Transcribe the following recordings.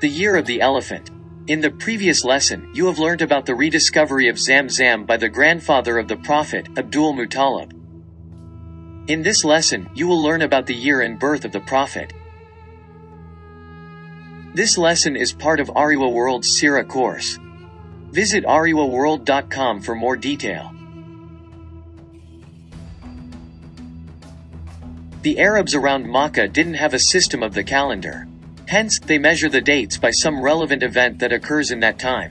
The Year of the Elephant. In the previous lesson, you have learned about the rediscovery of Zamzam by the grandfather of the Prophet, Abdul Muttalib. In this lesson, you will learn about the year and birth of the Prophet. This lesson is part of Ariwa World's Sira course. Visit ariwaworld.com for more detail. The Arabs around Makkah didn't have a system of the calendar. Hence, they measure the dates by some relevant event that occurs in that time.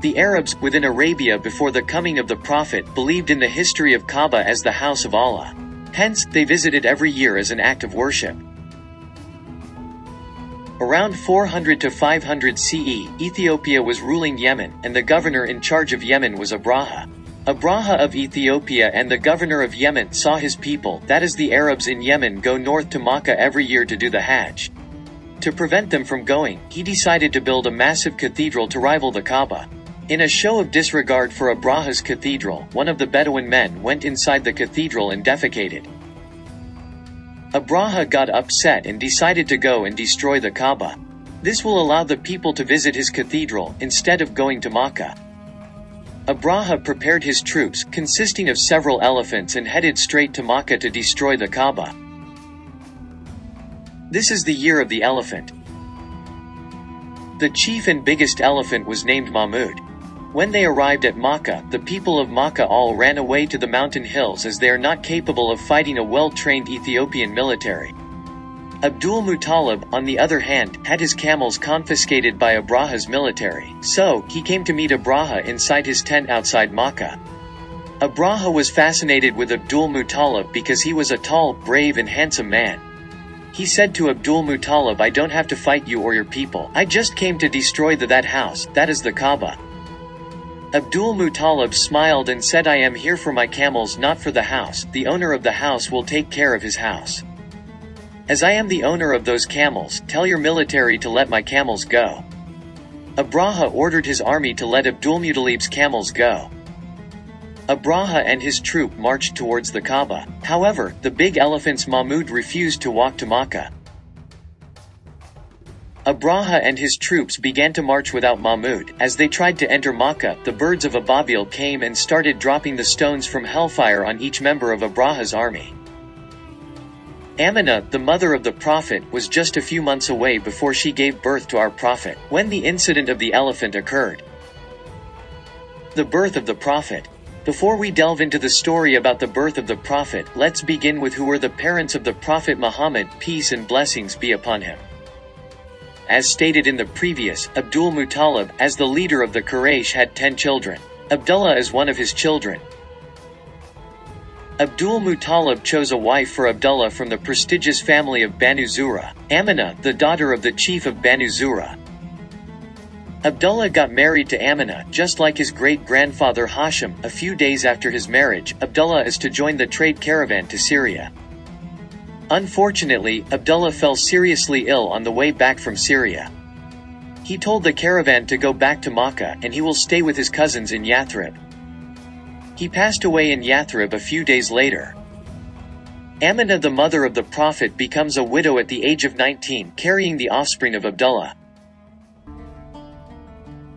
The Arabs, within Arabia before the coming of the Prophet, believed in the history of Kaaba as the house of Allah. Hence, they visited every year as an act of worship. Around 400 to 500 CE, Ethiopia was ruling Yemen, and the governor in charge of Yemen was Abraha. Abraha of Ethiopia and the governor of Yemen saw his people, that is the Arabs in Yemen go north to Makkah every year to do the Hajj. To prevent them from going, he decided to build a massive cathedral to rival the Kaaba. In a show of disregard for Abraha's cathedral, one of the Bedouin men went inside the cathedral and defecated. Abraha got upset and decided to go and destroy the Kaaba. This will allow the people to visit his cathedral, instead of going to Makkah. Abraha prepared his troops, consisting of several elephants and headed straight to Makkah to destroy the Kaaba. This is the year of the elephant. The chief and biggest elephant was named Mahmud. When they arrived at Makkah, the people of Makkah all ran away to the mountain hills as they are not capable of fighting a well-trained Ethiopian military. Abdul Muttalib, on the other hand, had his camels confiscated by Abraha's military, so he came to meet Abraha inside his tent outside Makkah. Abraha was fascinated with Abdul Muttalib because he was a tall, brave and handsome man. He said to Abdul Muttalib I don't have to fight you or your people, I just came to destroy the, that house, that is the Kaaba. Abdul Muttalib smiled and said I am here for my camels not for the house, the owner of the house will take care of his house. As I am the owner of those camels, tell your military to let my camels go. Abraha ordered his army to let Abdulmutalib's camels go. Abraha and his troop marched towards the Kaaba. However, the big elephant's Mahmud refused to walk to Makkah. Abraha and his troops began to march without Mahmud. As they tried to enter Makkah, the birds of Ababil came and started dropping the stones from hellfire on each member of Abraha's army. Amina, the mother of the Prophet, was just a few months away before she gave birth to our Prophet. When the incident of the elephant occurred, the birth of the Prophet. Before we delve into the story about the birth of the Prophet, let's begin with who were the parents of the Prophet Muhammad, peace and blessings be upon him. As stated in the previous, Abdul Muttalib, as the leader of the Quraysh had ten children. Abdullah is one of his children, Abdul Muttalib chose a wife for Abdullah from the prestigious family of Banu Zura, Amina, the daughter of the chief of Banu Zura. Abdullah got married to Amina, just like his great-grandfather Hashim. A few days after his marriage, Abdullah is to join the trade caravan to Syria. Unfortunately, Abdullah fell seriously ill on the way back from Syria. He told the caravan to go back to Makkah and he will stay with his cousins in Yathrib. He passed away in Yathrib a few days later. Amina, the mother of the Prophet becomes a widow at the age of 19 carrying the offspring of Abdullah.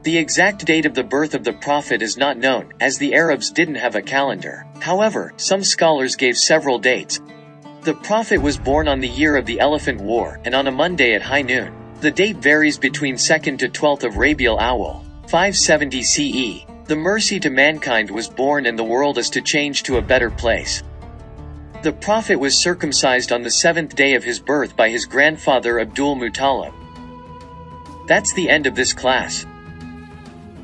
The exact date of the birth of the Prophet is not known, as the Arabs didn't have a calendar. However, some scholars gave several dates. The Prophet was born on the year of the Elephant War, and on a Monday at high noon. The date varies between 2nd to 12th of Rabial Awal, 570 CE. The mercy to mankind was born and the world is to change to a better place. The Prophet was circumcised on the seventh day of his birth by his grandfather Abdul Muttalib. That's the end of this class.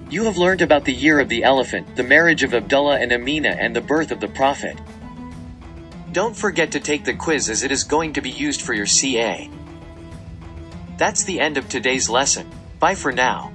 You have learned about the year of the elephant, the marriage of Abdullah and Amina and the birth of the Prophet. Don't forget to take the quiz as it is going to be used for your CA. That's the end of today's lesson. Bye for now.